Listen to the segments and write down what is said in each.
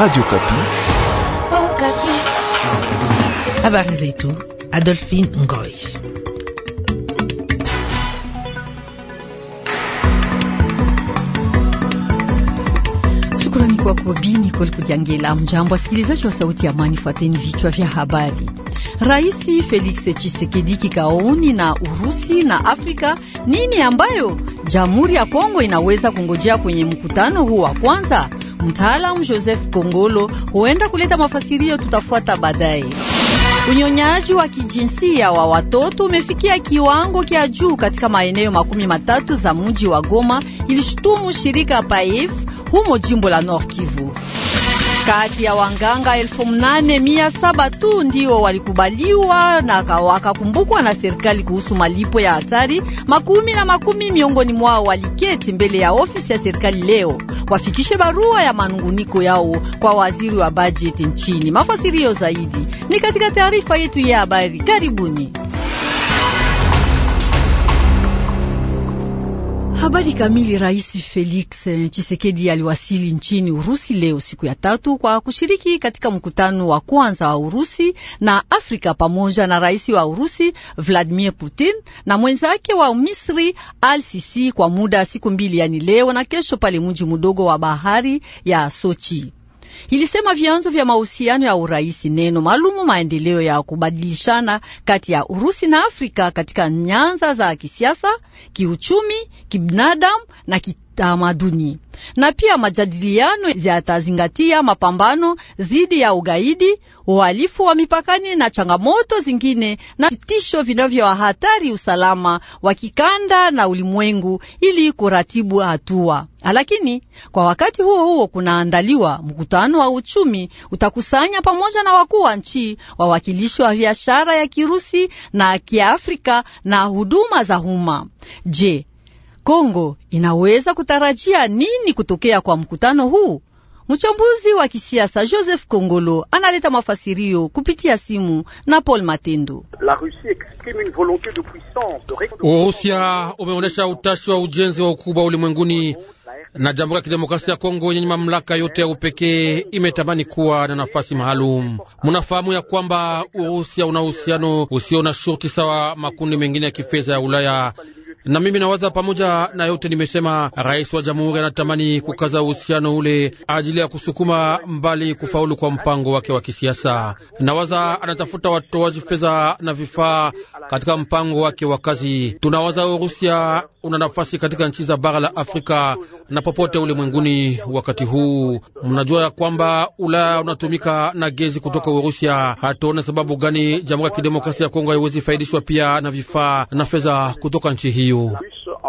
Radio Kapi. Oh, Kapi. Habari zetu Adolphine Ngoy. Shukrani kwako Bi Nicole Kudiangela. Mjambo wasikilizaji wa Sauti ya Amani, fuateni vichwa vya habari. Raisi Felix Tshisekedi kikaoni na Urusi na Afrika nini ambayo Jamhuri ya Kongo inaweza kungojea kwenye mkutano huu wa kwanza Mtaalamu Joseph Kongolo huenda kuleta mafasirio, tutafuata baadaye. Unyonyaji wa kijinsia wa watoto umefikia kiwango kya juu katika maeneo makumi matatu za mji wa Goma, ilishutumu shirika PAIF humo jimbo la Nord Kivu. Kati ya wanganga elfu mnane mia saba tu ndio walikubaliwa na wakakumbukwa na serikali kuhusu malipo ya hatari. Makumi na makumi miongoni mwao waliketi mbele ya ofisi ya serikali leo wafikishe barua ya manunguniko yao kwa waziri wa bajeti nchini. Mafasirio zaidi ni katika taarifa yetu ya habari. Karibuni. Habari kamili. Rais Felix chisekedi aliwasili nchini Urusi leo siku ya tatu kwa kushiriki katika mkutano wa kwanza wa Urusi na Afrika pamoja na rais wa Urusi Vladimir Putin na mwenzake wa Misri Al Sisi kwa muda siku mbili, yani leo na kesho, pale mji mdogo wa bahari ya Sochi ilisema vyanzo vya mahusiano ya urahisi neno maalumu maendeleo ya kubadilishana kati ya Urusi na Afrika katika nyanza za kisiasa, kiuchumi, kibinadamu na ki kitamaduni na pia majadiliano yatazingatia mapambano dhidi ya ugaidi, uhalifu wa mipakani na changamoto zingine na vitisho vinavyowahatari usalama wa kikanda na ulimwengu ili kuratibu hatua. Lakini kwa wakati huo huo kunaandaliwa mkutano wa uchumi utakusanya pamoja na wakuu wa nchi, wawakilishi wa biashara ya Kirusi na Kiafrika na huduma za umma. Je, Kongo inaweza kutarajia nini kutokea kwa mkutano huu? Mchambuzi wa kisiasa Joseph Kongolo analeta mafasirio kupitia simu na Paul Matendo. Urusia umeonyesha utashi wa ujenzi wa ukubwa ulimwenguni, na Jamhuri ya Kidemokrasia ya Kongo yenye mamlaka yote ya upekee imetamani kuwa na nafasi maalum. Munafahamu ya kwamba Urusia una uhusiano usio na shurti sawa makundi mengine ya kifedha ya Ulaya na mimi nawaza pamoja na yote nimesema, rais wa jamhuri anatamani kukaza uhusiano ule ajili ya kusukuma mbali kufaulu kwa mpango wake wa kisiasa. Nawaza anatafuta watoaji fedha na vifaa katika mpango wake wa kazi. Tunawaza Urusia una nafasi katika nchi za bara la Afrika na popote ulimwenguni. Wakati huu mnajua ya kwamba Ulaya unatumika na gezi kutoka Urusia. Hatuone sababu gani Jamhuri ya Kidemokrasia ya Kongo haiwezi faidishwa pia na vifaa na fedha kutoka nchi hiyo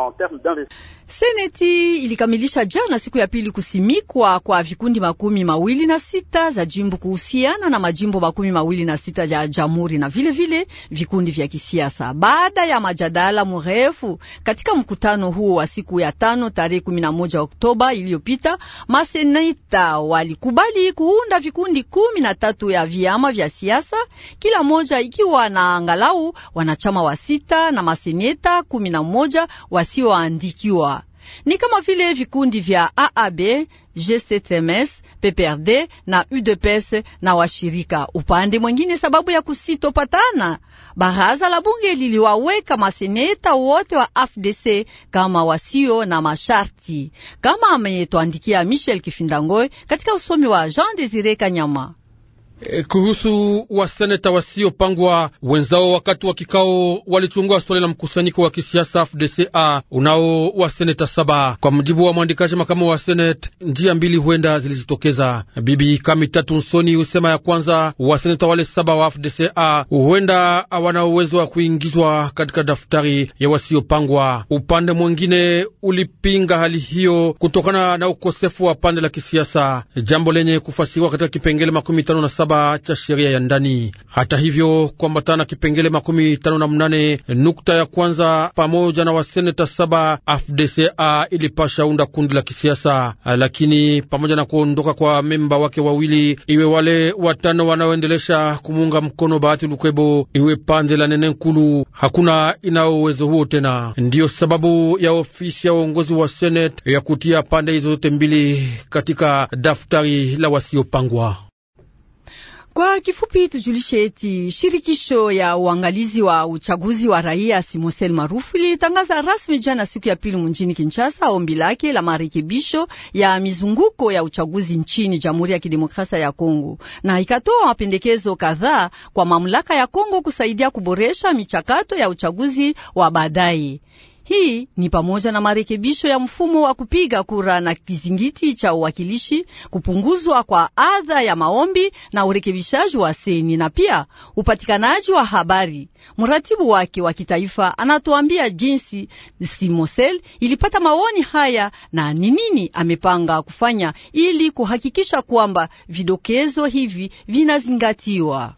en termes d'investissement. Seneti ilikamilisha jana siku ya pili kusimikwa kwa vikundi makumi mawili na sita za jimbo kuhusiana na majimbo makumi mawili na sita ya jamhuri na vilevile vile vikundi vya kisiasa baada ya majadala mrefu katika mkutano huo wa siku ya tano tarehe 11 Oktoba iliyopita, maseneta walikubali kuunda vikundi kumi na tatu ya vyama vya siasa, kila moja ikiwa na angalau wanachama wa sita na maseneta kumi na moja wa wasioandikiwa ni kama vile vikundi vya AAB, g 7 PPRD na UDPS na washirika upande mwengine. Sababu ya kusitopatana, baraza la bunge liliwaweka maseneta wote wa AFDC kama wasio na masharti, kama ametwandikia Michel Kifindangoe katika usomi wa Jean Desire Kanyama. Eh, kuhusu waseneta wasiopangwa wenzao, wakati wa kikao walichungua swali la mkusanyiko wa kisiasa FDCA unao waseneta saba. Kwa mujibu wa mwandikaji makamu wa senete njia mbili huenda zilizitokeza. Bibi Kamitatu Nsoni husema ya kwanza, waseneta wale saba wa FDCA huenda hawana uwezo wa kuingizwa katika daftari ya wasiopangwa. Upande mwingine ulipinga hali hiyo kutokana na ukosefu wa pande la kisiasa, jambo lenye kufasiriwa katika kipengele makumi tano na saba saba cha sheria ya ndani. Hata hivyo, kuambatana kipengele makumi tano na mnane nukta ya kwanza pamoja na waseneta saba afdca ilipasha unda kundi la kisiasa, lakini pamoja na kuondoka kwa memba wake wawili, iwe wale watano wanaoendelesha kumuunga mkono Bahati Lukwebo, iwe pande la nene nkulu, hakuna inao uwezo huo tena. Ndiyo sababu ya ofisi ya uongozi wa seneti ya kutia pande hizo zote mbili katika daftari la wasiopangwa. Kwa kifupi tujulishe eti shirikisho ya uangalizi wa uchaguzi wa raia Simosel marufu ilitangaza rasmi jana siku ya pili mjini Kinshasa ombi lake la marekebisho ya mizunguko ya uchaguzi nchini Jamhuri ya Kidemokrasia ya Kongo, na ikatoa mapendekezo kadhaa kwa mamlaka ya Kongo kusaidia kuboresha michakato ya uchaguzi wa baadaye. Hii ni pamoja na marekebisho ya mfumo wa kupiga kura na kizingiti cha uwakilishi, kupunguzwa kwa adha ya maombi na urekebishaji wa seni na pia upatikanaji wa habari. Mratibu wake wa kitaifa anatuambia jinsi Simosel ilipata maoni haya na ni nini amepanga kufanya ili kuhakikisha kwamba vidokezo hivi vinazingatiwa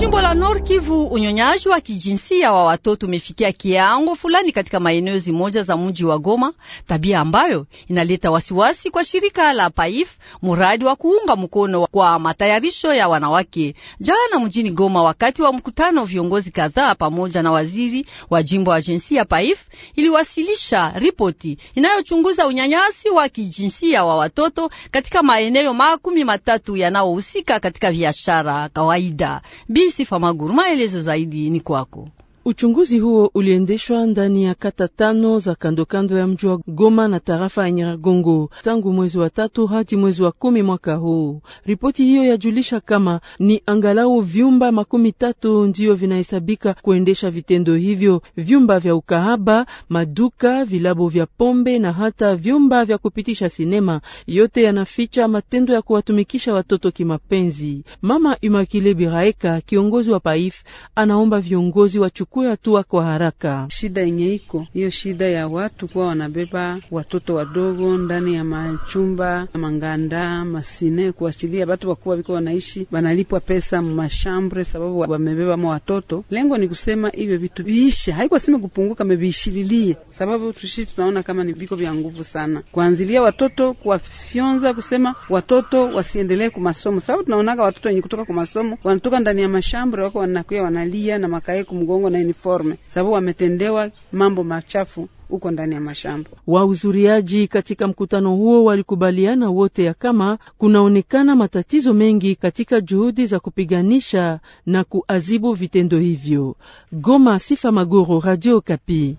jimbo la Nord Kivu, unyonyaji wa kijinsia wa watoto umefikia kiango fulani katika maeneo zimoja za mji wa Goma, tabia ambayo inaleta wasiwasi kwa shirika la PAIF, muradi wa kuunga mkono kwa matayarisho ya wanawake. Jana mjini Goma, wakati wa mkutano, viongozi kadhaa pamoja na waziri wa jimbo wa jinsia, PAIF iliwasilisha ripoti inayochunguza unyanyasi wa kijinsia wa watoto katika maeneo makumi matatu yanayohusika katika biashara kawaida Bi hii sifa maguruma, zaidi ni kwako. Uchunguzi huo uliendeshwa ndani ya kata tano za kandokando ya mji wa Goma na tarafa ya Nyiragongo tangu mwezi wa tatu hadi mwezi wa kumi mwaka huu. Ripoti hiyo yajulisha kama ni angalau vyumba makumi tatu ndiyo vinahesabika kuendesha vitendo hivyo: vyumba vya ukahaba, maduka, vilabu vya pombe na hata vyumba vya kupitisha sinema. Yote yanaficha matendo ya kuwatumikisha watoto kimapenzi. Mama Imakile Biraeka, kiongozi wa PAIF, anaomba viongozi wachukue wachukue hatua kwa haraka. Shida yenye iko hiyo shida ya watu kuwa wanabeba watoto wadogo ndani ya machumba manganda masine, kuachilia batu wakuwa viko wanaishi banalipwa pesa mashambre sababu wamebeba ma watoto. Lengo ni kusema hivyo vitu viishe, haiko sema kupunguka, mebiishililie sababu tushi tunaona kama ni viko vya nguvu sana, kuanzilia watoto kuwafyonza, kusema watoto wasiendelee kumasomo, sababu tunaonaka watoto wenye kutoka kumasomo wanatoka ndani ya mashambre wako wanakuya wanalia na makae kumgongo na uniforme, sababu wametendewa mambo machafu huko ndani ya mashamba. Wahudhuriaji katika mkutano huo walikubaliana wote ya kama kunaonekana matatizo mengi katika juhudi za kupiganisha na kuazibu vitendo hivyo. Goma, Sifa Magoro, Radio Kapi.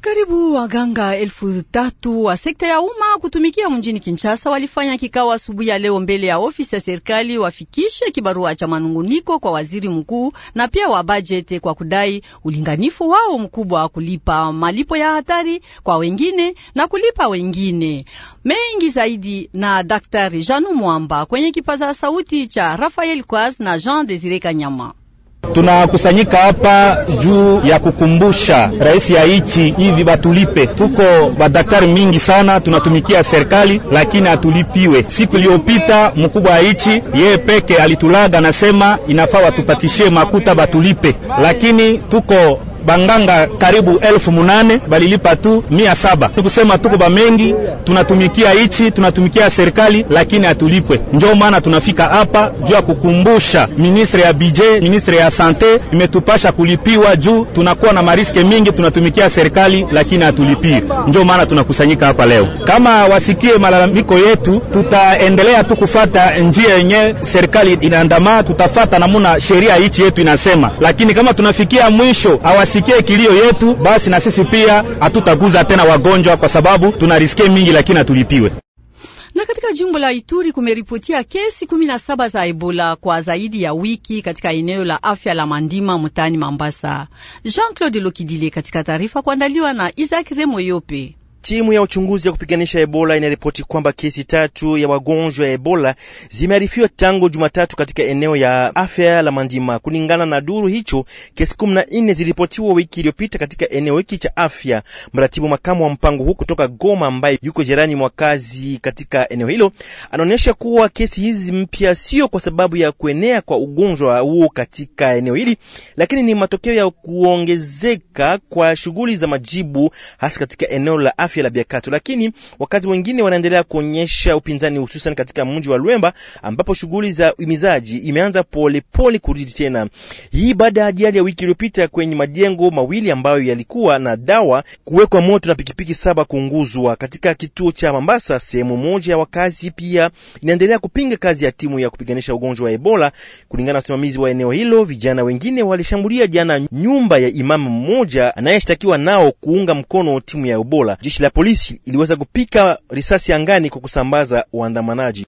Karibu waganga elfu tatu wa sekta ya umma kutumikia mjini Kinshasa walifanya kikao asubuhi ya leo mbele ya ofisi ya serikali wafikishe kibarua cha manunguniko kwa waziri mkuu na pia wa bajeti kwa kudai ulinganifu wao mkubwa wa kulipa malipo ya hatari kwa wengine na kulipa wengine mengi zaidi. Na Daktari Janu Mwamba kwenye kipaza sauti cha Rafael Kwaz na Jean Desire Kanyama. Tunakusanyika hapa juu ya kukumbusha rais ya ichi hivi batulipe. Tuko badaktari mingi sana tunatumikia serikali, lakini hatulipiwe. Siku iliyopita mkubwa wa ichi yeye peke alitulaga, nasema inafaa watupatishie makuta batulipe, lakini tuko banganga karibu elfu munane balilipa tu mia saba. Nikusema tuko ba mengi, tunatumikia ichi tunatumikia serikali, lakini hatulipwe. Njo maana tunafika hapa juu ya kukumbusha ministre ya bije, ministre ya sante imetupasha kulipiwa juu tunakuwa na mariske mingi, tunatumikia serikali lakini hatulipii. Njo maana tunakusanyika hapa leo, kama wasikie malalamiko yetu. Tutaendelea tu kufata njia yenye serikali inandama tutafata namuna sheria ichi yetu inasema, lakini kama tunafikia mwisho asikie kilio yetu, basi na sisi pia hatutaguza tena wagonjwa, kwa sababu tunarisikia mingi, lakini hatulipiwe na katika jimbo la Ituri kumeripotia kesi 17 za Ebola kwa zaidi ya wiki katika eneo la afya la Mandima mtaani Mambasa. Jean-Claude Lokidile katika taarifa kuandaliwa na Isaac Remoyope. Timu ya uchunguzi ya kupiganisha Ebola inaripoti kwamba kesi tatu ya wagonjwa ya Ebola zimearifiwa tangu Jumatatu katika eneo ya afya la Mandima. Kulingana na duru hicho, kesi kumi na nne zilipotiwa wiki iliyopita katika eneo hiki cha afya. Mratibu makamu wa mpango huu kutoka Goma, ambaye yuko jirani mwa kazi katika eneo hilo, anaonyesha kuwa kesi hizi mpya sio kwa sababu ya kuenea kwa ugonjwa huo katika eneo hili, lakini ni matokeo ya kuongezeka kwa shughuli za majibu hasa katika eneo la afya afya la Biakato, lakini wakazi wengine wanaendelea kuonyesha upinzani, hususan katika mji wa Lwemba ambapo shughuli za imizaji imeanza polepole kurudi tena, hii baada ya ajali ya wiki iliyopita kwenye majengo mawili ambayo yalikuwa na dawa kuwekwa moto na pikipiki saba kuunguzwa katika kituo cha Mambasa. Sehemu moja ya wakazi pia inaendelea kupinga kazi ya timu ya kupiganisha ugonjwa wa Ebola. Kulingana na wasimamizi wa eneo hilo, vijana wengine walishambulia jana nyumba ya imamu mmoja anayeshtakiwa nao kuunga mkono timu ya Ebola. Jeshi jeshi la polisi iliweza kupika risasi angani kwa kusambaza waandamanaji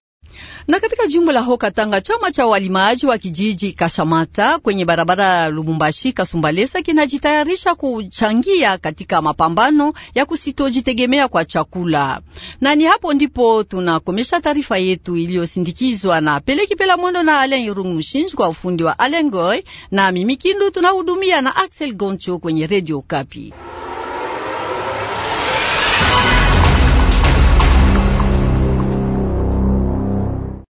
na katika jimbo la Hoka katanga chama cha walimaji wa kijiji Kashamata kwenye barabara ya Lubumbashi Kasumbalesa kinajitayarisha kuchangia katika mapambano ya kusitojitegemea kwa chakula. Na ni hapo ndipo tunakomesha taarifa yetu iliyosindikizwa na Peleki Pela Mondo na Alen Yurung Mshinji kwa ufundi wa Alengoy na Mimikindu tunahudumia na Axel Goncho kwenye redio Kapi.